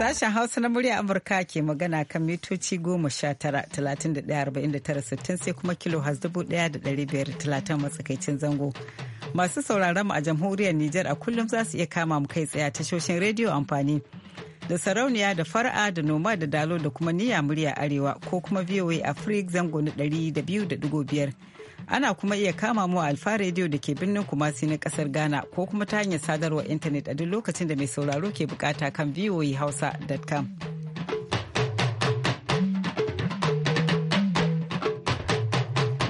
Sashen Hausa na murya Amurka ke magana kan mitoci goma sha tara talatin da ɗaya arba'in da tara sittin sai kuma kilo has dubu ɗaya da ɗari biyar talatin matsakaicin zango. Masu sauraron mu a jamhuriyar Nijar a kullum za su iya kama mu kai tsaye a tashoshin rediyo amfani da sarauniya da fara'a da noma da dalo da kuma niyya murya arewa ko kuma VOA Africa zango na ɗari da biyu da biyar. ana kuma iya kama mu a alfa rediyo da ke birnin kumasi na kasar ghana ko kuma ta hanyar sadarwar intanet a duk lokacin da mai sauraro ke bukata kan voahausa.com. hausa.com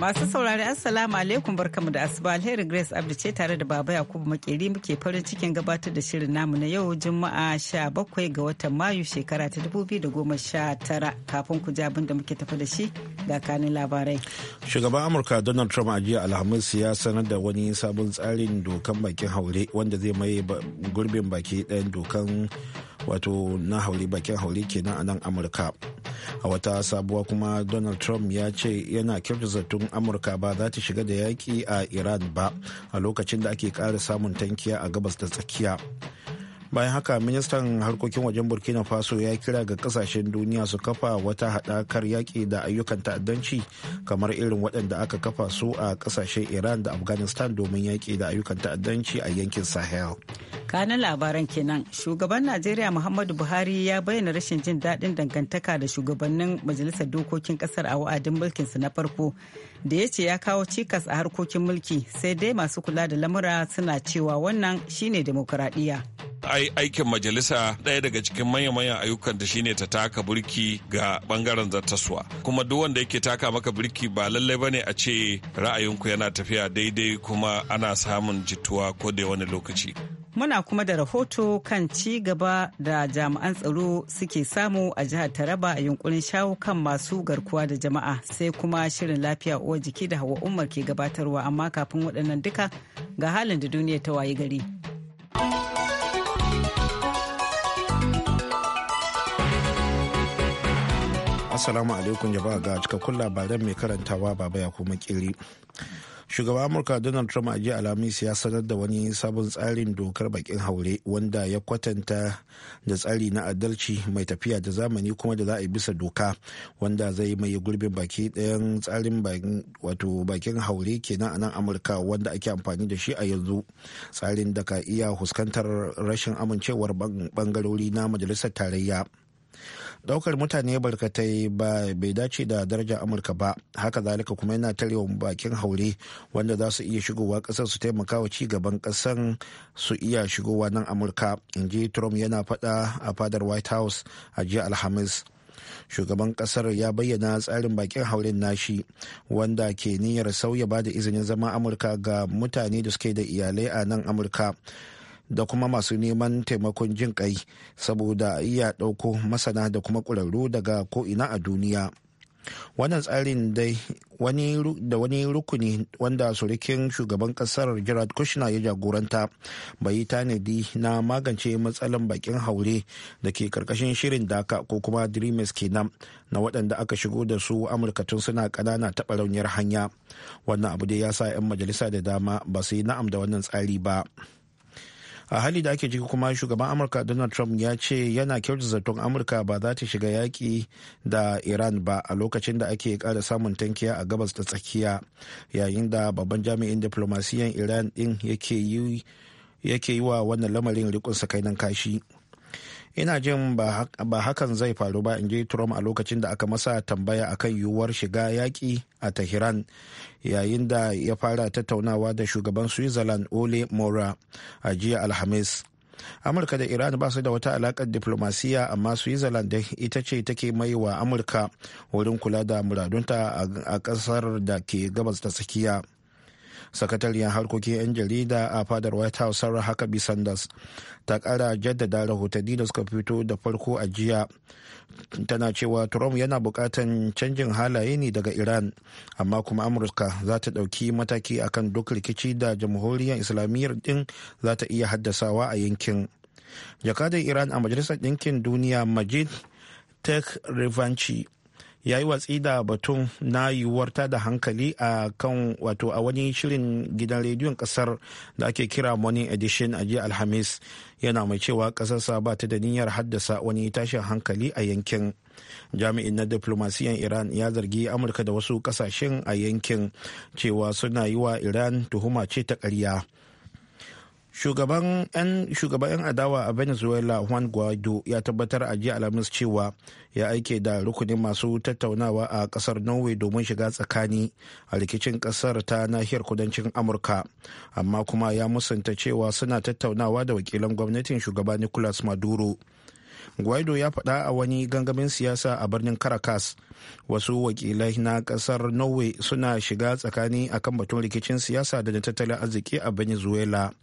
Masu saurari Assalamu alaikum barkamu da asuba alheri Grace Abdi ce tare da Baba Yakubu Makeri muke farin cikin gabatar da shirin namu na yau Juma'a 17 ga watan Mayu shekara ta 2019 kafin ku abin da muke tafi da shi ga kanin labarai. Shugaban Amurka Donald Trump a jiya Alhamis ya sanar da wani sabon tsarin dokan bakin haure wanda zai maye gurbin baki ɗayan dokan wato na haure bakin haure kenan a nan Amurka. a wata sabuwa kuma donald trump ya ce yana kyautu zaton amurka ba za ta shiga da yaƙi a iran ba a lokacin da ake ƙara samun tankiya a gabas da tsakiya bayan haka ministan harkokin wajen burkina faso ya kira ga kasashen duniya su kafa wata haɗakar yaƙi da ayyukan ta'addanci kamar irin waɗanda aka kafa su a kasashen iran da afghanistan domin yaƙi da ayyukan ta'addanci a yankin sahel kanan labaran kenan shugaban najeriya muhammadu buhari ya bayyana rashin jin daɗin dangantaka da shugabannin majalisar dokokin ƙasar a wa'adin mulkinsa na farko da ya ce ya kawo cikas a harkokin mulki sai dai masu kula da lamura suna cewa wannan shine demokuraɗiyya. ai aikin majalisa ɗaya daga cikin manya-manyan ayyukan da shine ta taka burki ga bangaren zartaswa kuma duk wanda yake taka maka burki ba lallai bane ne a ce ra'ayinku yana tafiya daidai kuma ana samun jituwa ko da wani lokaci Muna kuma da rahoto kan ci gaba da jami'an tsaro suke samu a jihar Taraba a yunkurin shawo kan masu garkuwa da jama'a sai kuma shirin lafiya uwa jiki da hawa umar ke gabatarwa amma kafin waɗannan duka ga halin da duniya ta wayi gari. Assalamu alaikum jama'a ga cikakkun labaran mai karantawa baba ya kuma kiri. shugaban amurka donald trump a jiya alhamis ya sanar da wani sabon tsarin dokar bakin haure wanda ya kwatanta da tsari na adalci mai tafiya da zamani kuma da za a yi bisa doka wanda zai mai gurbin baki ɗayan tsarin bakin haure kenan a nan amurka wanda ake amfani da shi a yanzu tsarin da ka iya fuskantar rashin amincewar bangarori na majalisar tarayya daukar mutane barkatai ba bai dace da darajar amurka ba haka zalika kuma yana tarewa bakin haure wanda za su iya shigowa kasar su taimaka wa ci gaban kasan su iya shigowa nan amurka in ji trump yana fada a fadar white house a jiya alhamis shugaban kasar ya bayyana tsarin bakin hauren nashi wanda ke niyyar sauya ba da izinin zama amurka ga mutane da suke da iyalai a nan amurka da kuma masu neman taimakon jin kai saboda iya ɗauko masana da kuma ƙwararru daga ko'ina a duniya wannan tsarin da wani rukuni wanda surukin shugaban kasar gerard kushner ya jagoranta bai yi tanadi na magance matsalan bakin haure da ke karkashin shirin daka ko kuma dreamers kenan na waɗanda aka shigo da su amurka tun suna ƙanana taɓa rauniyar hanya wannan abu da ya sa 'yan majalisa da dama ba su yi na'am da wannan tsari ba. a hali da ake ciki kuma shugaban amurka donald trump ya ce yana kyauta zaton amurka ba za ta shiga yaƙi da iran ba a lokacin da ake ƙara samun tankiya a gabas da tsakiya yayin da babban jami'in diplomasiyan iran ɗin yake yi wa wannan lamarin rikon sakainan kashi. ina jin ba hakan zai faru ba in ji trump a lokacin da aka masa tambaya akan yiwuwar shiga yaƙi a tehran yayin da ya fara tattaunawa da shugaban switzerland ole mora a jiya alhamis amurka da iran ba su da wata alakar diplomasiya amma switzerland ita ce take mai wa amurka wurin kula da muradunta a ƙasar da ke gabas ta tsakiya sakatariyar harkokin 'yan jarida a fadar white house sarah huckabee sanders ta kara jaddada rahotanni da suka fito da farko a jiya tana cewa trump yana bukatan canjin halaye ne daga iran amma kuma amurka za ta dauki mataki akan duk rikici da jamhuriyar islamiyyar din za ta iya haddasawa a yankin jakadar iran a majalisar ɗinkin duniya majid tech revanchi ya yi watsi da batun na yiwuwar da hankali a kan wato a wani shirin gidan rediyon kasar da ake kira morning edition a jiya alhamis yana mai cewa kasarsa ba ta da niyyar haddasa wani tashin hankali a yankin jami'in na diplomasiyan iran ya zargi amurka da wasu kasashen a yankin cewa suna yi wa iran tuhuma ce ta ƙarya shugaban 'yan adawa a venezuela juan guaido ya tabbatar a jiya alhamis cewa ya aike da rukunin masu tattaunawa a ƙasar norway domin shiga tsakani a rikicin ƙasar ta nahiyar kudancin amurka amma kuma ya musanta cewa suna tattaunawa da wakilan gwamnatin shugaba nicolas maduro guaido ya faɗa a wani gangamin siyasa a birnin caracas wasu wakilai na ƙasar norway suna shiga tsakani akan batun rikicin siyasa da na tattalin arziki a venezuela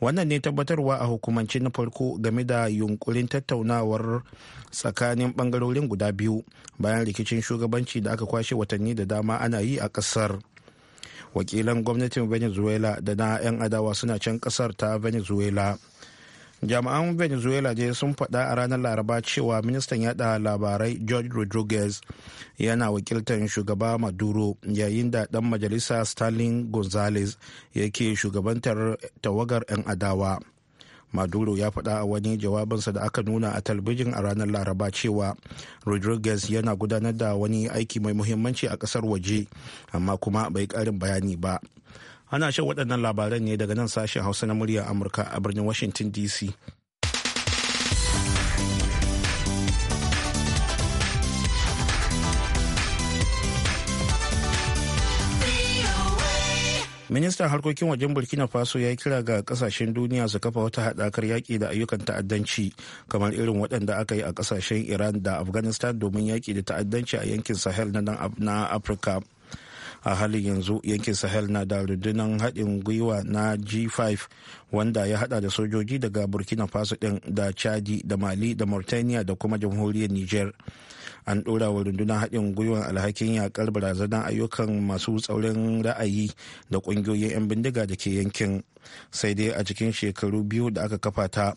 wannan ne tabbatarwa a hukumance na farko game da yunkurin tattaunawar tsakanin bangarorin guda biyu bayan rikicin shugabanci da aka kwashe watanni da dama ana yi a kasar wakilan gwamnatin venezuela da na 'yan adawa suna can kasar ta venezuela jami'an venezuela je sun faɗa a ranar laraba cewa ministan yada labarai george rodriguez yana wakiltar shugaba maduro yayin da dan majalisa stalin gonzales yake shugabantar tawagar 'yan adawa maduro ya faɗa a wani jawabinsa da aka nuna a talbijin a ranar laraba cewa rodriguez yana gudanar da wani aiki mai muhimmanci a ƙasar waje amma kuma bai ƙarin bayani ba ana shan waɗannan labaran ne daga nan sashen hausa na murya amurka a birnin washington dc ministan harkokin wajen burkina faso ya yi kira ga kasashen duniya su kafa wata haɗakar yaƙi da ayyukan ta'addanci kamar irin waɗanda aka yi a kasashen iran da afghanistan domin yaƙi da ta'addanci a yankin sahel na afirka a halin yanzu yankin sahel na da rundunar haɗin gwiwa na g5 wanda ya hada da sojoji daga burkina faso ɗin da chadi da mali da mauritania da kuma jamhuriyar niger an ɗora wa rundunar haɗin gwiwa alhakin yakar barazanar ayyukan masu tsaurin ra'ayi da ƙungiyoyin 'yan bindiga da ke yankin sai dai a cikin shekaru biyu da aka kafa ta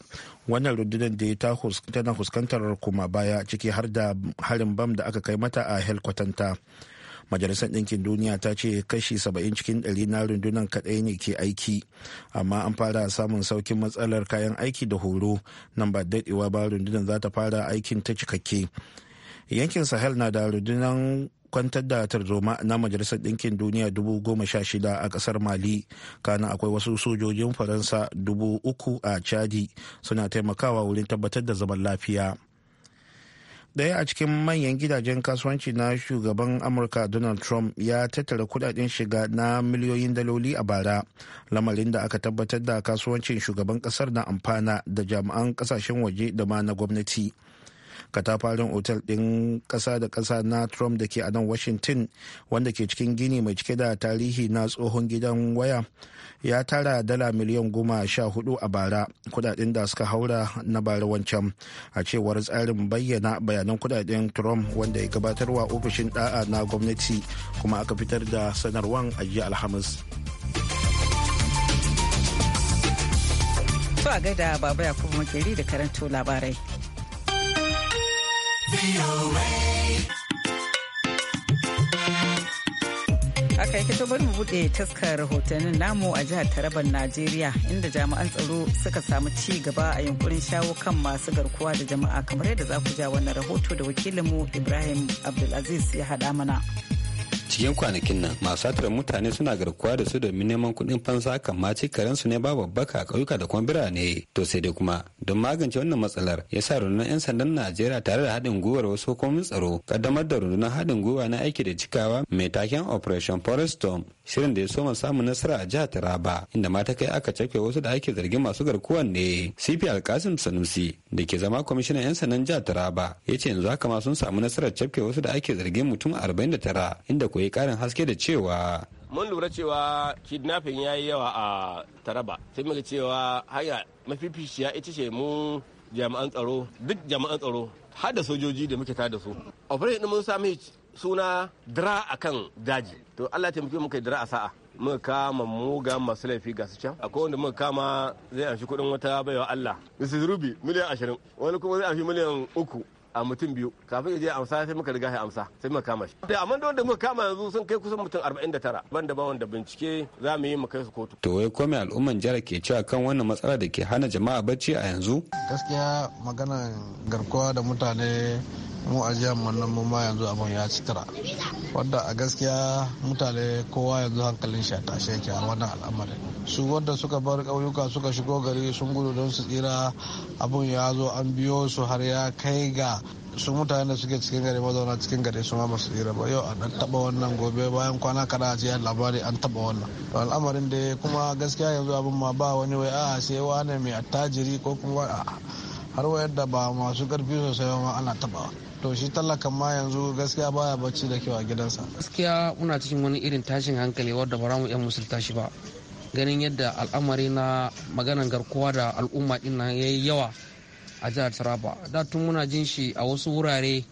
wannan rundunar da tana fuskantar kuma baya ciki har da harin bam da aka kai mata a helkwatanta. majalisar ɗinkin duniya ta ce kashi 70 cikin ɗari na rundunar kaɗai ne ke aiki amma an fara samun saukin matsalar kayan aiki da horo nan ba daɗewa ba rundunar za ta fara aikin ta cikakke yankin sahel na da rundunar kwantar da tarzoma na majalisar ɗinkin duniya dubu goma sha shida a ƙasar mali kana akwai wasu sojojin faransa dubu uku a chadi suna taimakawa wurin tabbatar da zaman lafiya daya a cikin manyan gidajen kasuwanci na shugaban amurka donald trump ya tattara kudaden shiga na miliyoyin daloli a bara lamarin da aka tabbatar da kasuwancin shugaban kasar na amfana da jami'an kasashen waje da ma na gwamnati katafaren otal ɗin ƙasa da ƙasa na trump da ke a nan washington wanda ke cikin gini mai cike da tarihi na tsohon gidan waya ya tara dala miliyan goma sha hudu a bara kudaden da suka haura na bara wancan a cewar tsarin bayyana bayanan kudaden trump wanda ya gabatarwa ofishin da'a na gwamnati kuma aka fitar da sanarwan a jiya alhamis a gaida Baba Yakubu Makeri da karanto labarai. Aka yake to bari mu buɗe taskar rahotannin namu a jihar taraban najeriya inda jami'an tsaro suka samu ci gaba a yunkurin shawo kan masu garkuwa da jama'a kamar yadda za ku ja wannan rahoto da wakilinmu ibrahim abdulaziz ya haɗa mana cikin kwanakin nan masu satar mutane suna garkuwa da su domin neman kuɗin fansa kan ma karen su ne ba babbaka a ƙauyuka da kuma birane to sai dai kuma don magance wannan matsalar ya sa rundunar 'yan sandan najeriya tare da haɗin gwiwar wasu hukumomin tsaro kaddamar da rundunar haɗin gwiwa na aiki da cikawa mai taken operation forest storm shirin da ya soma samun nasara a jihar taraba inda mata kai aka cafke wasu da ake zargin masu garkuwan ne cp alkasim sanusi da ke zama kwamishinan 'yan sandan jihar taraba ya ce yanzu haka ma sun samu nasarar cafke wasu da ake zargin mutum 49 inda ku Mai karin haske da cewa mun lura cewa kidnapping ya yi yawa a taraba sai muka cewa hanya mafificiya ita ce mu jami'an tsaro duk jami'an tsaro har da sojoji da muke tada su operation mun sami suna dra akan daji to Allah taimake muka kai dara a sa'a muka kama muga masu laifi ga su can akwai wanda muka kama zai amshi kuɗin wata baiwa Allah Mrs. Ruby miliyan ashirin wani kuma zai amshi miliyan uku a mutum biyu kafin je amsa sai muka riga ya amsa sai muka kama shi da amma da muka kama yanzu sun kai kusan mutum 49 banda ba wanda bincike za mu yi mu kai su kotu to wai komai al'umman jihar ke cewa kan wannan matsala da ke hana jama'a bacci a yanzu gaskiya magana garkuwa da mutane mu a jihar nan mu ma yanzu abin ya ci tara wadda a gaskiya mutane kowa yanzu hankalin shi a tashe yake a wannan al'amarin su wanda suka bar ƙauyuka suka shigo gari sun gudu don su tsira abin ya zo an biyo su har ya kai ga su mutane da suke cikin gari mazauna cikin gari su ma ba su tsira ba yau an taba wannan gobe bayan kwana kada a ce labari an taba wannan To al'amarin da kuma gaskiya yanzu abin ma ba wani wai a sai wani mai attajiri ko kuma har wayar da ba masu karfi sosai ma ana tabawa to shi tallakan ma yanzu gaskiya baya bacci da kyau a gidansa gaskiya muna cikin wani irin tashin hankali wadda ba mu yan musulta shi ba ganin yadda al'amari na maganan garkuwa da al'umma din yayi yawa a jihar taraba da tun muna jin shi a wasu wurare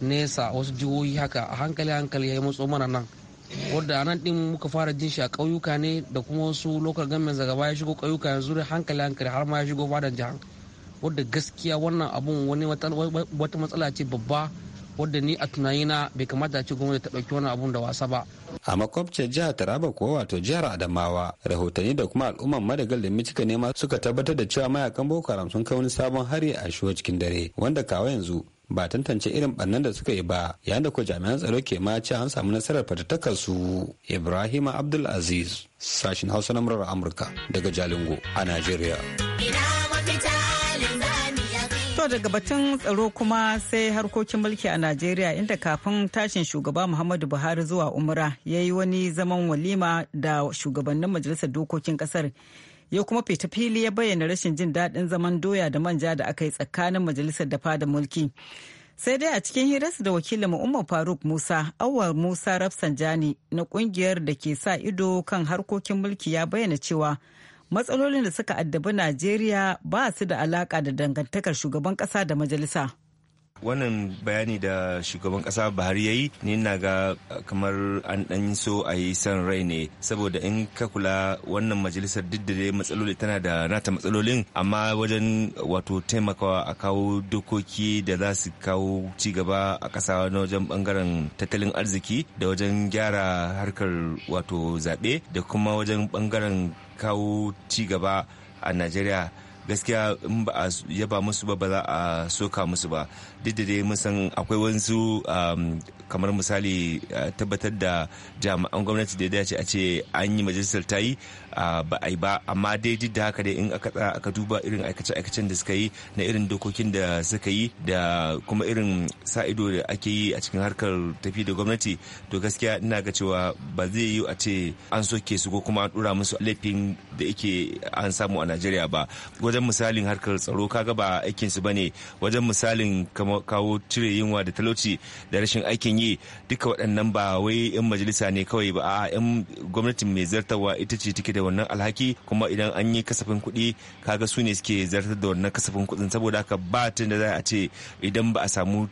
nesa wasu jihohi haka a hankali hankali ya yi matso mana nan wadda nan din muka fara jin shi a ƙauyuka ne da kuma wasu lokal gamen daga ya shigo ƙauyuka yanzu da hankali hankali har ma ya shigo fadan jihar wadda gaskiya wannan abun wani wata matsala ce babba wadda ni a tunanina bai kamata ci gwamnati ta ɗauki wani abun da wasa ba. a makwabciyar jihar taraba kuwa wato jihar adamawa rahotanni da kuma al'umman madagal da mitika nema suka tabbatar da cewa mayakan boko haram sun kai wani sabon hari a shiwa cikin dare wanda kawo yanzu ba tantance irin bannan da suka yi ba yayin da ko jami'an tsaro ke ma ce an samu nasarar fatattakar su ibrahim abdul aziz sashin hausa na murar amurka daga jalingo a najeriya ina To daga batun tsaro kuma sai harkokin mulki a Najeriya inda kafin tashin shugaba Muhammadu Buhari zuwa Umra ya yi wani zaman walima da shugabannin majalisar dokokin kasar. Ya kuma fita fili ya bayyana rashin jin daɗin zaman doya da manja da aka yi tsakanin majalisar da fada mulki. Sai dai a cikin hirarsa da wakilin Umar Faruk Musa, Awar Musa Rafsanjani na kungiyar da ke sa ido kan harkokin mulki ya bayyana cewa matsalolin da suka addabi najeriya ba su da alaka da dangantakar shugaban kasa da majalisa wannan bayani da shugaban kasa buhari ya yi ni na ga kamar an dan so a yi son rai ne saboda in ka kula wannan majalisar duk da dai matsaloli tana da nata matsalolin amma wajen wato taimakawa a kawo dokoki da za su kawo ci gaba a kasa na wajen bangaren tattalin arziki da wajen gyara harkar wato zaɓe da kuma wajen bangaren kawo ci gaba a najeriya gaskiya in ba a yaba musu ba ba za a soka musu ba duk da dai musan akwai wasu um, kamar misali tabbatar da jami'an gwamnati da ya dace a ce an yi majalisar ta yi ba a yi ba amma dai duk da haka dai in aka tsaya aka duba irin aikace-aikacen da suka yi na irin dokokin da suka yi da kuma irin sa ido da ake yi a cikin harkar tafi da gwamnati to gaskiya ina ga cewa ba zai yi a ce an soke su ko kuma an dura musu laifin da yake an samu a najeriya ba wajen misalin harkar tsaro kaga ba aikin su bane wajen misalin kawo cire yunwa da talauci da rashin aikin yi duka waɗannan ba wai 'yan majalisa ne kawai ba a 'yan gwamnatin mai zartawa ita ce take da wannan alhaki kuma idan an yi kasafin kuɗi kaga su ne suke zartar da wannan kasafin kuɗin saboda haka ba tun da za a ce idan ba a samu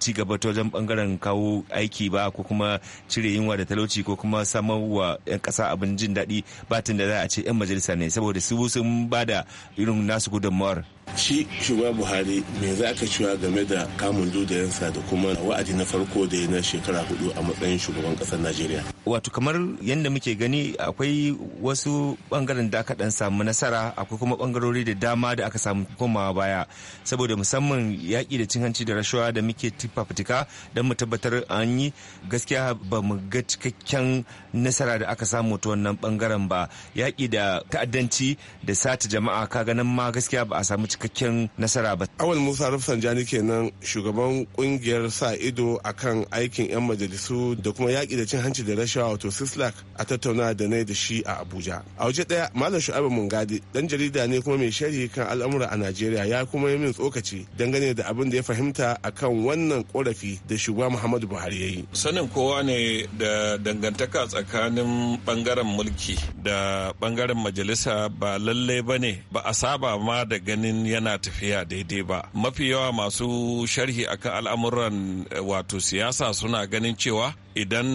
ci gaba ta wajen bangaren kawo aiki ba ko kuma cire yunwa da talauci ko kuma samar wa 'yan kasa abin jin daɗi tun da za a ce 'yan majalisa ne saboda su sun ba da irin nasu gudunmawar shi shugaba buhari me za ka cewa game da kamun dudayensa da kuma wa'adi na farko da ya na shekara hudu a matsayin shugaban kasar najeriya wato kamar yadda muke gani akwai wasu bangaren da aka dan samu nasara akwai kuma bangarori da dama da aka samu komawa baya saboda musamman yaƙi da cin hanci da rashawa da muke fafutuka don mu tabbatar an yi gaskiya ba mu ga cikakken nasara da aka samu ta wannan bangaren ba yaƙi da ta'addanci da sata jama'a ka ganin ma gaskiya ba a samu cikakken nasara ba. Awal Musa Rafsanjani kenan shugaban kungiyar sa ido akan aikin 'yan majalisu da kuma yaƙi da cin hanci da rashawa wato Sislak a tattauna da na da shi a Abuja. A waje ɗaya Malam Shu'aibu Mungadi dan jarida ne kuma mai sharhi kan al'amura a Najeriya ya kuma yi min tsokaci dangane da abin da ya fahimta akan wannan korafi da shugaba Muhammadu Buhari ya yi. Sanin kowa ne da dangantaka tsakanin bangaren mulki da bangaren majalisa ba lallai ba ne ba a saba ma da ganin yana tafiya daidai ba mafi yawa masu sharhi akan al'amuran eh, wato siyasa suna ganin cewa idan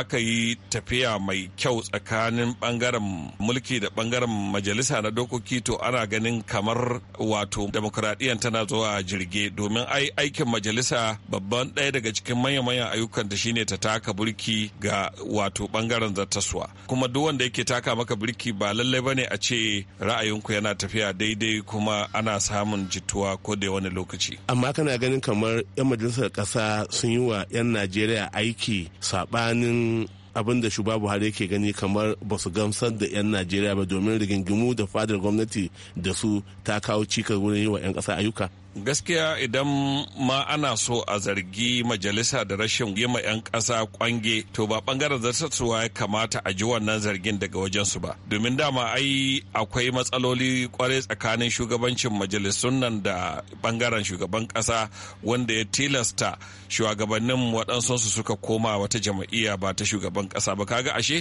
aka yi tafiya mai kyau tsakanin bangaren mulki da bangaren majalisa na dokoki to ana ganin kamar wato demokuraɗiyyar tana zuwa jirge domin ai aikin majalisa babban ɗaya daga cikin manya-manyan ayyukan ta shine ta taka burki ga wato bangaren zattaswa kuma duk wanda yake taka maka burki ba lallai bane a ce ra'ayinku yana tafiya daidai kuma ana ana samun jituwa ko da wani lokaci amma kana ganin kamar 'yan majalisar ƙasa sun yi wa 'yan najeriya aiki saɓanin abin da shugaba buhari yake gani kamar ba su gamsar da 'yan najeriya ba domin rigingimu da fadar gwamnati da su ta kawo cikar wurin yi wa 'yan ƙasa ayyuka gaskiya idan ma ana so a zargi majalisa da rashin ma 'yan kasa kwange to ba ɓangaren zartarwa ya kamata a ji wannan zargin daga wajensu ba domin dama ai akwai matsaloli kwarai tsakanin shugabancin majalisun nan da bangaren shugaban ƙasa wanda ya tilasta shugabannin waɗansu suka koma wata jama'iyya ba ta shugaban kasa ba kaga ashe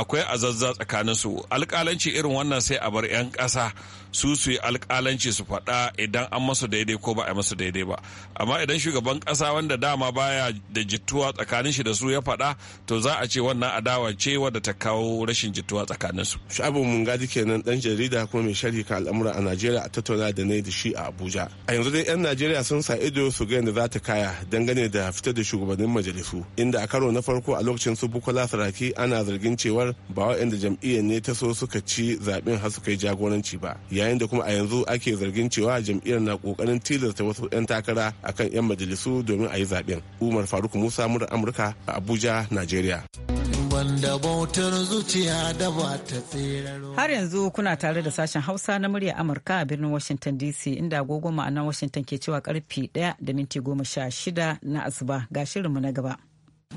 akwai azazza tsakanin su. alƙalanci irin wannan sai a bar 'yan ƙasa su su yi alƙalanci su faɗa idan an masu daidai daidai ko ba a masu daidai ba amma idan shugaban kasa wanda dama baya da jituwa tsakanin shi da su ya faɗa to za a ce wannan adawa ce wadda ta kawo rashin jituwa tsakanin su shabu mun gadi kenan dan jarida kuma mai sharhi ka al'amura a najeriya a tattauna da ne da shi a abuja a yanzu dai yan najeriya sun sa ido su ga yadda za ta kaya dangane da fitar da shugabannin majalisu inda a karo na farko a lokacin su bukola saraki ana zargin cewar ba wa'anda jam'iyyar ne ta so suka ci zaben har suka yi jagoranci ba yayin da kuma a yanzu ake zargin cewa jam'iyyar na kokarin don tilasta wasu 'yan takara a kan 'yan majalisu domin a yi zaɓen. Umar Faruk Musa murar Amurka a Abuja, Najeriya. Har yanzu kuna tare da sashen Hausa na murya Amurka a birnin Washington DC inda agogo ma'anar Washington ke cewa karfe 1 da minti 16 na asuba ga shirinmu na gaba.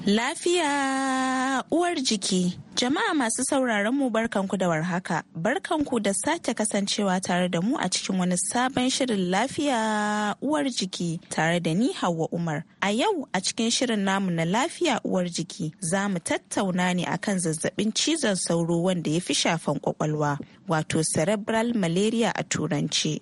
Lafiya uwar jiki. Jama'a masu sauraron mu barkanku da warhaka. Barkanku da sake kasancewa tare da mu a cikin wani sabon shirin lafiya uwar jiki tare da ni Hauwa Umar. A yau a cikin shirin namu na lafiya uwar jiki za mu tattauna ne kan zazzabin cizon sauro wanda ya fi shafan kwakwalwa wato cerebral malaria a turanci.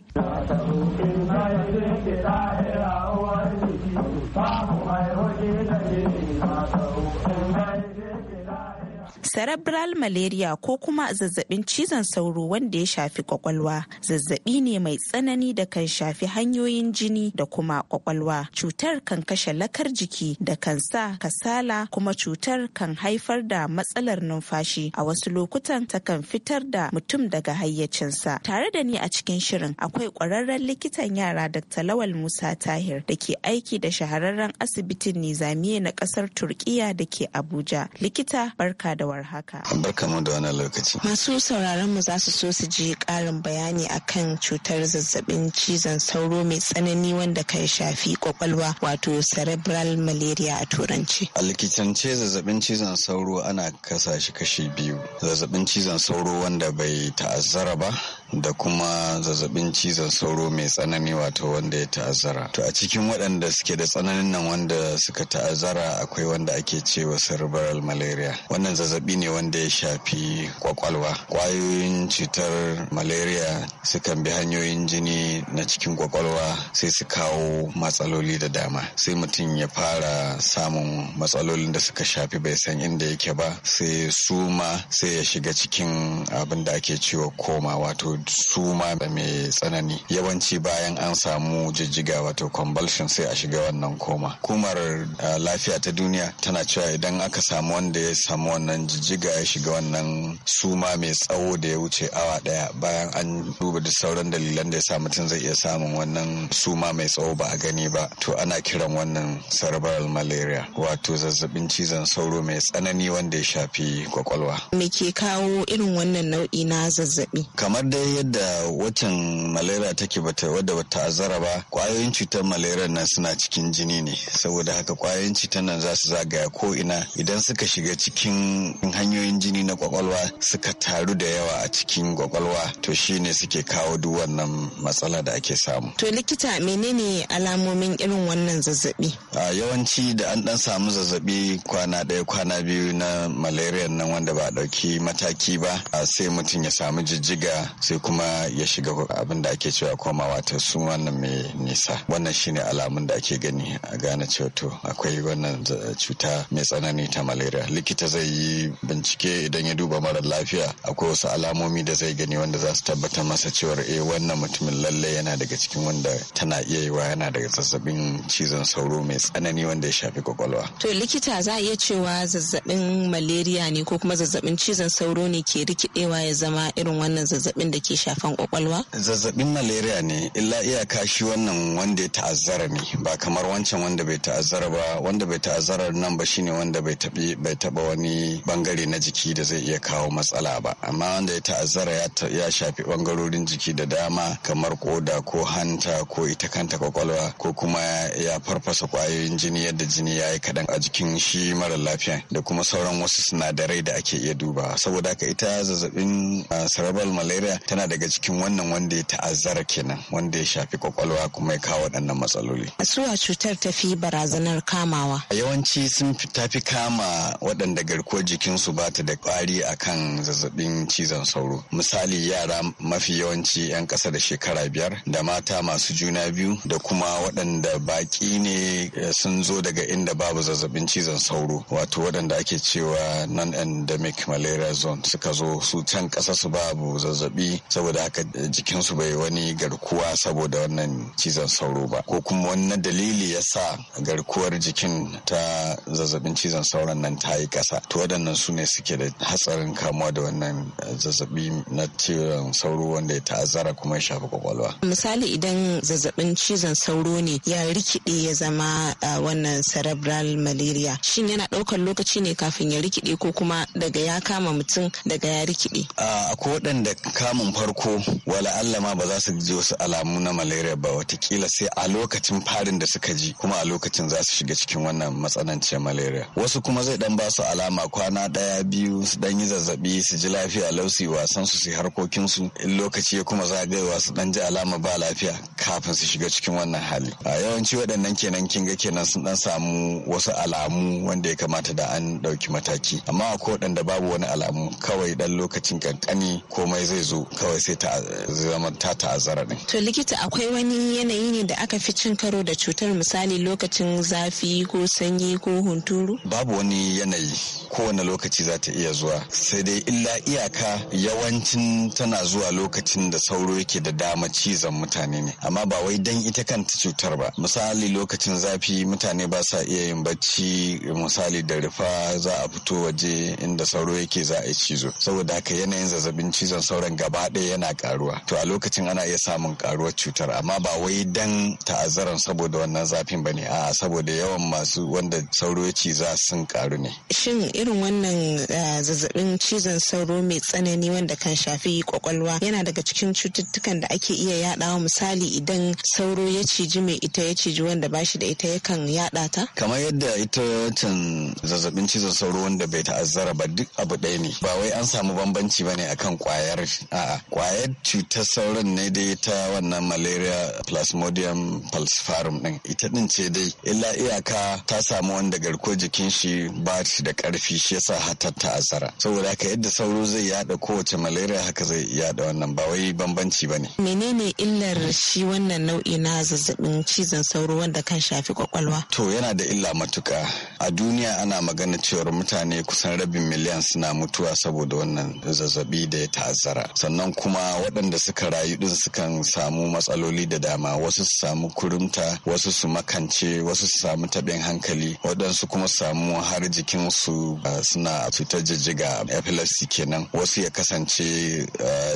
cerebral malaria ko kuma zazzabin cizon sauro wanda ya shafi kwakwalwa zazzabi ne mai tsanani da kan shafi hanyoyin jini da kuma kwakwalwa cutar kan kashe lakar jiki da kan sa kasala kuma cutar kan haifar da matsalar numfashi a wasu lokutan ta kan fitar da mutum daga hayyacinsa tare da ni a cikin shirin akwai kwararren likitan yara dr lawal musa tahir da ke aiki da shahararren asibitin nizamiya na kasar turkiya da ke abuja likita barka da war haka. Barkamu da wani lokaci. Masu sauraron mu za su so su ji ƙarin bayani akan cutar zazzabin cizon sauro mai tsanani wanda kan shafi kwakwalwa wato cerebral malaria a turanci. A likitance zazzabin cizon sauro ana kasa shi kashi biyu. Zazzabin cizon sauro wanda bai ta'azzara ba da kuma zazzabin cizon sauro mai tsanani wato wanda ya ta'azzara to a cikin waɗanda suke da tsananin nan wanda suka ta'azzara akwai wanda ake cewa cerebral malaria wannan zazzabi ne wanda ya shafi kwakwalwa kwayoyin cutar malaria sukan bi hanyoyin jini na cikin kwakwalwa sai su kawo matsaloli da dama sai mutum ya fara samun matsalolin da suka shafi bai san inda yake ba sai suma sai ya shiga cikin abin da ake cewa koma wato suma mai tsanani yawanci bayan an samu jijjiga wato convulsion sai a shiga wannan koma kumar eh, lafiya ta duniya tana cewa idan aka samu wanda ya samu wannan jijjiga ya shiga wannan suma mai tsawo da ya wuce awa daya bayan an duba duk sauran dalilan da ya sa mutum zai iya samun wannan suma mai tsawo ba a gani ba to ana kiran wannan cerebral malaria wato zazzabin cizon sauro mai tsanani wanda ya shafi kwakwalwa me ke kawo irin wannan nau'i na zazzabi kamar dai dai yadda waccan malaria take bata wadda bata azara ba kwayoyin cutar malaria nan suna cikin jini ne saboda haka kwayoyin cutar nan za su zagaya ko ina idan suka shiga cikin hanyoyin jini na kwakwalwa suka taru da yawa a cikin kwakwalwa to shine suke kawo duk wannan matsala da ake samu to likita menene alamomin irin wannan zazzabi a yawanci da an dan samu zazzabi kwana ɗaya kwana biyu na malaria nan wanda ba dauki ɗauki mataki ba sai mutum ya samu jijjiga sai sai kuma ya shiga abin da ake cewa komawa ta sun wannan mai nisa wannan shine alamun da ake gani a gane cewa to akwai wannan cuta mai tsanani ta malaria likita zai yi bincike idan ya duba mara lafiya akwai wasu alamomi da zai gani wanda za su tabbatar masa cewar eh wannan mutumin lallai yana daga cikin wanda tana iya yiwa yana daga zazzabin cizon sauro mai tsanani wanda ya shafi kwakwalwa to likita za a iya cewa zazzabin malaria ne ko kuma zazzabin cizon sauro ne ke rikidewa ya zama irin wannan zazzabin da Ke shafan kwakwalwa? Zazzabin malaria ne illa iyaka shi wannan wanda ya ta'azzara ne ba kamar wancan wanda bai ta'azzara ba wanda bai ta'azzara nan ba shine wanda bai tabi bai taba wani bangare na jiki da zai iya kawo matsala ba amma wanda ya ta'azzara ya shafi bangarorin jiki da dama kamar koda ko hanta ko ita kanta kwakwalwa ko kuma ya farfasa kwayoyin jini yadda jini ya yi kadan a jikin shi mara lafiya da kuma sauran wasu sinadarai da ake iya duba saboda haka ita zazzabin ah, cerebral malaria Ana daga cikin wannan wanda ya ta'azzara kenan wanda ya shafi kwakwalwa kuma ya kawo waɗannan matsaloli. Suwa cutar ta fi barazanar kamawa. a Yawanci sun tafi kama waɗanda garkuwar jikinsu ba ta da ƙwari akan zazzabin cizon sauro. Misali yara mafi yawanci 'yan ƙasa da shekara biyar da mata masu juna biyu da kuma waɗanda baƙi ne eh, sun zo daga inda babu zazzabin cizon sauro wato waɗanda ake cewa non-endemic malaria zone suka zo su can ƙasa su babu zazzabi saboda haka jikinsu bai wani garkuwa saboda wannan cizon sauro ba ko kuma wani dalili ya sa garkuwar jikin ta zazzabin cizon sauron nan ta yi ƙasa to waɗannan su ne suke da hatsarin kamuwa da wannan zazzabi na cizon sauro wanda ya ta'azzara kuma ya shafi kwakwalwa misali idan zazzabin cizon sauro ne ya rikide ya zama wannan cerebral malaria shin yana ɗaukar lokaci ne kafin ya rikide ko kuma daga ya kama mutum daga ya rikide akwai waɗanda kamun farko wala Allah ma ba za su ji wasu alamu na malaria ba watakila sai a lokacin farin da suka ji kuma a lokacin za su shiga cikin wannan matsananciyar malaria wasu kuma zai dan ba su alama kwana daya biyu su dan yi zazzabi su ji lafiya lausi wasan su su harkokin su in lokaci ya kuma ga su dan ji alama ba lafiya kafin su shiga cikin wannan hali a yawanci waɗannan kenan kin ga kenan sun dan samu wasu alamu wanda ya kamata da an ɗauki mataki amma akwai waɗanda babu wani alamu kawai dan lokacin kankani komai zai zo kawai kawai sai ta zama ta ta'azzara din to likita akwai wani yanayi ne da aka fi cin karo da cutar misali lokacin zafi ko sanyi ko hunturu babu wani yanayi kowane lokaci za ta iya zuwa sai dai illa iyaka yawancin tana zuwa lokacin da sauro yake da dama cizon mutane ne amma ba wai dan ita kanta cutar ba misali lokacin zafi mutane ba sa iya yin bacci misali da rufa za a fito waje inda sauro yake za a yi cizo saboda haka yanayin zazzabin cizon sauran gaba ɗaya yana karuwa to a lokacin ana iya samun karuwar cutar amma ba wai dan ta'azzaran saboda wannan zafin bane a saboda yawan masu wanda sauro ya ciza sun karu ne shin irin wannan eh, zazzabin cizon sauro mai tsanani wanda kan shafi kwakwalwa yana daga cikin cututtukan da ake iya yadawa misali idan sauro ya ciji mai ita ya ciji wanda bashi da ita yakan yada ta kamar yadda ita can zazzabin cizon sauro wanda bai ta'azzara ba duk abu ɗaya ne ba wai an samu bambanci bane akan kwayar a'a kwayar cutar sauran ne dai ta wannan malaria plasmodium falciparum din ita din ce dai illa iyaka ta samu wanda garko jikin shi ba shi da karfi shi yasa hatar ta azara saboda haka yadda sauro zai yada kowace malaria haka zai yada wannan ba wai bambanci ba ne. menene illar shi wannan nau'i na zazzabin cizon sauro wanda kan shafi kwakwalwa to yana da illa matuka a duniya ana magana cewar mutane kusan rabin miliyan suna mutuwa saboda wannan zazzabi da ya ta'azzara sannan sannan kuma waɗanda suka rayu ɗin sukan samu matsaloli da dama wasu su samu kurumta wasu su makance wasu su samu taɓin hankali waɗansu kuma samu har jikinsu suna cutar jijjiga epilepsy kenan wasu ya kasance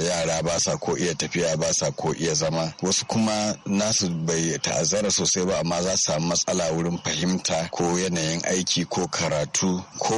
yara ba sa ko iya tafiya ba sa ko iya zama wasu kuma nasu bai ta'azzara sosai ba amma za su samu matsala wurin fahimta ko yanayin aiki ko karatu ko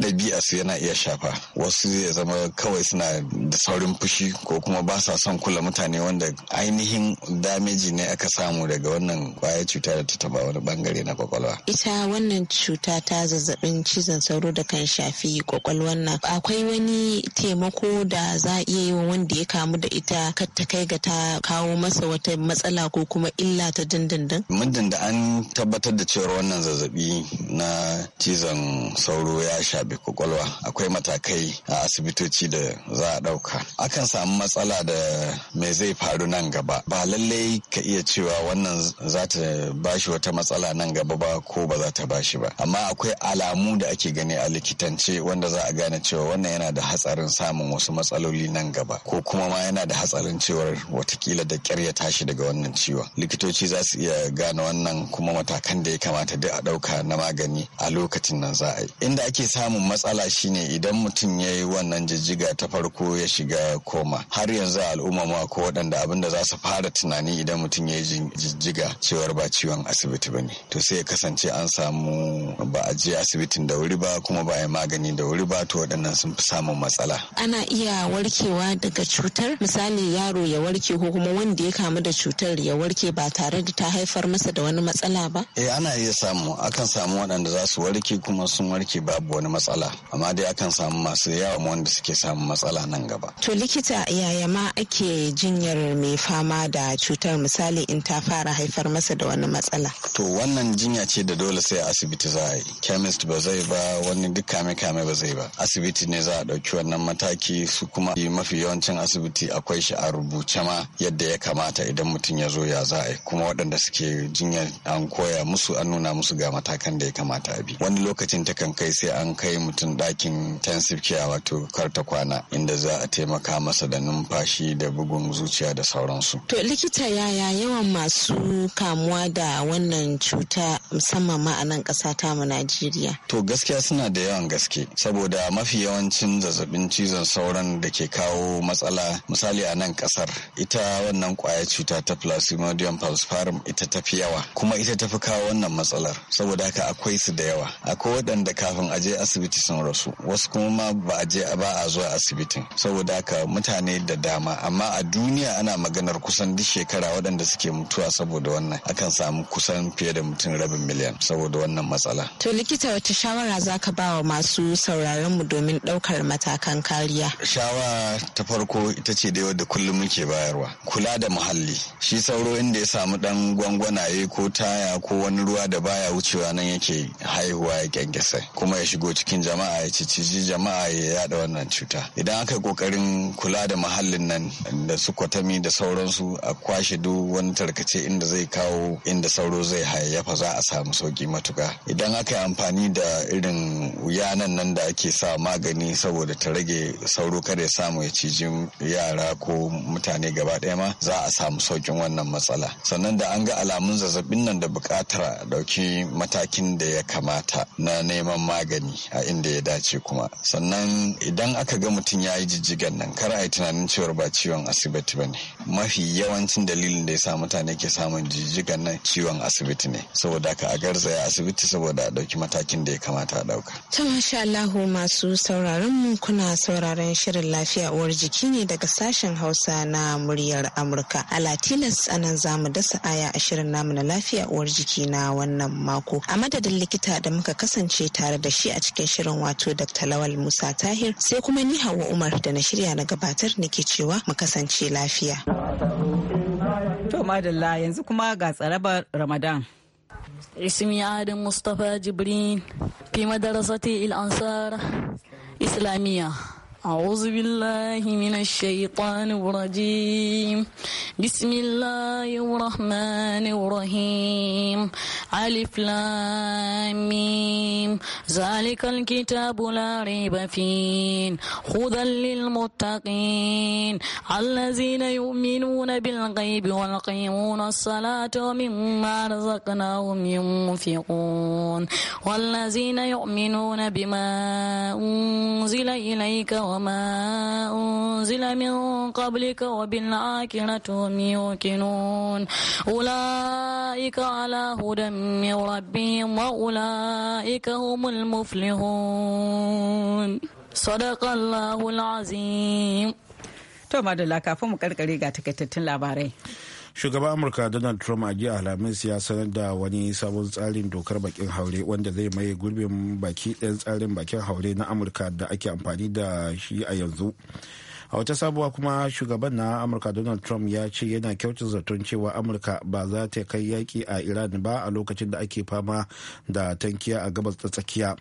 ɗabi'a su yana iya shafa wasu ya zama kawai suna da saurin fushi ko kuma ba sa son kula mutane wanda ainihin dameji ne aka samu daga wannan kwaya cuta da ta taba wani bangare na kwakwalwa. Ita wannan cuta ta zazzabin cizon sauro da kan shafi kwakwalwan nan akwai wani taimako da za a iya yi wa wanda ya kamu da ita kar ta kai ga ta kawo masa wata matsala ko kuma illa ta dindindin. Muddin da an tabbatar da cewa wannan zazzabi na cizon sauro ya shafi kwakwalwa akwai matakai a asibitoci da za a ɗauka. Akan samu matsala da me zai faru nan gaba ba lallai ka iya cewa wannan za ta bashi wata matsala nan gaba ba ko ba za ta bashi ba amma akwai alamu da ake gani a likitance wanda za a gane cewa wannan yana da hatsarin samun wasu matsaloli nan gaba ko kuma ma yana da hatsarin cewa watakila da kyar ya tashi daga wannan ciwon likitoci za su iya gane wannan kuma matakan da ya kamata duk a ɗauka na magani a lokacin nan za a yi inda ake samun matsala shine idan mutum ya yi wannan jijjiga ta farko ya shiga ko al'umma har yanzu a al'umma ma ko waɗanda abin da za su fara tunani idan mutum ya yi jijjiga cewar ba ciwon asibiti ba ne to sai ya kasance an samu ba a je asibitin da wuri ba kuma ba a yi magani da wuri ba to waɗannan sun fi samun matsala ana iya warkewa daga cutar misali yaro ya warke ko kuma wanda ya kamu da cutar ya warke ba tare da ta haifar masa da wani matsala ba eh ana iya samu akan samu waɗanda za su warke kuma sun warke babu wani matsala amma dai akan samu masu yawa wanda suke samun matsala nan gaba to likita da yaya ma ake jinyar mai fama da cutar misali in ta fara haifar masa da wani matsala to wannan jinya ce da dole sai asibiti za a yi chemist ba zai ba wani duk kame kame ba zai ba asibiti ne za a ɗauki wannan mataki su kuma mafi yawancin asibiti akwai shi a rubuce ma yadda ya kamata idan mutum ya zo ya za a yi kuma waɗanda suke jinya an koya musu an nuna musu ga matakan da ya kamata a bi wani lokacin takan kai sai an kai mutum ɗakin intensive care wato kar ta kwana inda za a taimaka masa kansa da numfashi da bugun zuciya da sauransu. To likita yaya yawan masu kamuwa da wannan cuta musamman ma a nan ƙasa ta mu Najeriya? To gaskiya suna da yawan gaske saboda mafi yawancin zazzabin cizon sauran da ke kawo matsala misali a nan ƙasar ita wannan ƙwaya cuta ta Plasmodium falciparum ita ta fi yawa kuma ita tafi kawo wannan matsalar saboda haka akwai su da yawa akwai waɗanda kafin a je asibiti sun rasu wasu kuma ma ba a je ba a zuwa asibitin saboda haka mutane da dama amma a duniya ana maganar kusan duk shekara waɗanda suke mutuwa saboda wannan akan samu kusan fiye da mutum rabin miliyan saboda wannan matsala. To likita wata shawara za ka ba wa masu sauraron mu domin ɗaukar matakan kariya? Shawara ta farko ita ce da wadda kullum muke bayarwa. Kula da muhalli. Shi sauro inda ya samu ɗan gwangwanaye ko taya ko wani ruwa da baya wucewa nan yake haihuwa ya kyankyasa kuma ya shigo cikin jama'a ya ciciji jama'a ya yada wannan cuta. Idan aka yi kokarin kula kula da mahallin nan da su kwatami da sauransu a kwashe duk wani tarkace inda zai kawo inda sauro zai hayayyafa za a samu sauki matuka idan aka yi amfani da irin yanan nan da ake sa magani saboda ta rage sauro kada ya samu ya cijin yara ko mutane gaba ɗaya ma za a samu saukin wannan matsala sannan da an ga alamun zazzabin nan da buƙatar ɗauki matakin da ya kamata na neman magani a inda ya dace kuma sannan idan aka ga mutum ya yi jijjigan nan kar a yi tunanin cewar ba ciwon asibiti ba ne mafi yawancin dalilin da ya sa mutane ke samun jijjigan nan ciwon asibiti ne saboda ka a garzaya asibiti saboda a ɗauki matakin da ya kamata a ɗauka. ta masha Allahu masu sauraron mu kuna sauraron shirin lafiya uwar jiki ne daga sashen Hausa na muryar Amurka a Latinas za mu dasa aya a shirin namu na lafiya uwar jiki na wannan mako a madadin likita da muka kasance tare da shi a cikin shirin wato Dr. Lawal Musa Tahir sai kuma ni Hauwa Umar da na shirya na gabata buƙatar nake cewa mu kasance lafiya. To madalla yanzu kuma ga tsarabar Ramadan. Isim adin Mustapha Jibrin, Fima il-ansar Islamiyya. أعوذ بالله من الشيطان الرجيم بسم الله الرحمن الرحيم ألف لام ميم ذلك الكتاب لا ريب فيه هدى للمتقين الذين يؤمنون بالغيب ويقيمون الصلاة ومما رزقناهم ينفقون والذين يؤمنون بما أنزل إليك وما أنزل من قبلك وبالآخرة هم يوقنون أولئك على هدى من ربهم وأولئك هم المفلحون صدق الله العظيم to madalla kafin mu karkare ga takaitattun labarai shugaban amurka donald trump a jiya alhamis ya sanar da wani sabon tsarin dokar bakin haure wanda zai maye gurbin baki ɗayan tsarin bakin haure na amurka da ake amfani da shi a yanzu a wata sabuwa kuma shugaban na amurka donald trump ya ce yana kyautar zaton cewa amurka ba za ta kai yaki a iran ba a lokacin da ake fama da tankiya a gabas ta tsakiya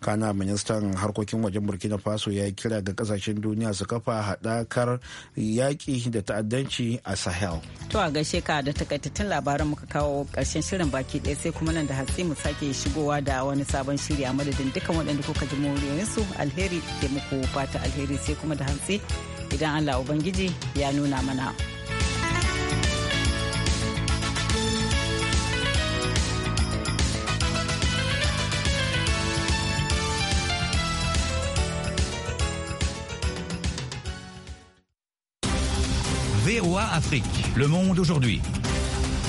kana ministan harkokin wajen burkina faso ya kira ga kasashen duniya su kafa haɗakar yaƙi da ta'addanci a sahel to a gaishe ka da takaitattun labaran muka kawo karshen shirin baki ɗaya sai kuma nan da hatsi mu sake shigowa da wani sabon shiri a madadin dukkan waɗanda kuka ji moriyoyinsu alheri ke muku fata alheri sai kuma da hantsi idan allah ubangiji ya nuna mana. VOA Afrique. Le monde aujourd'hui.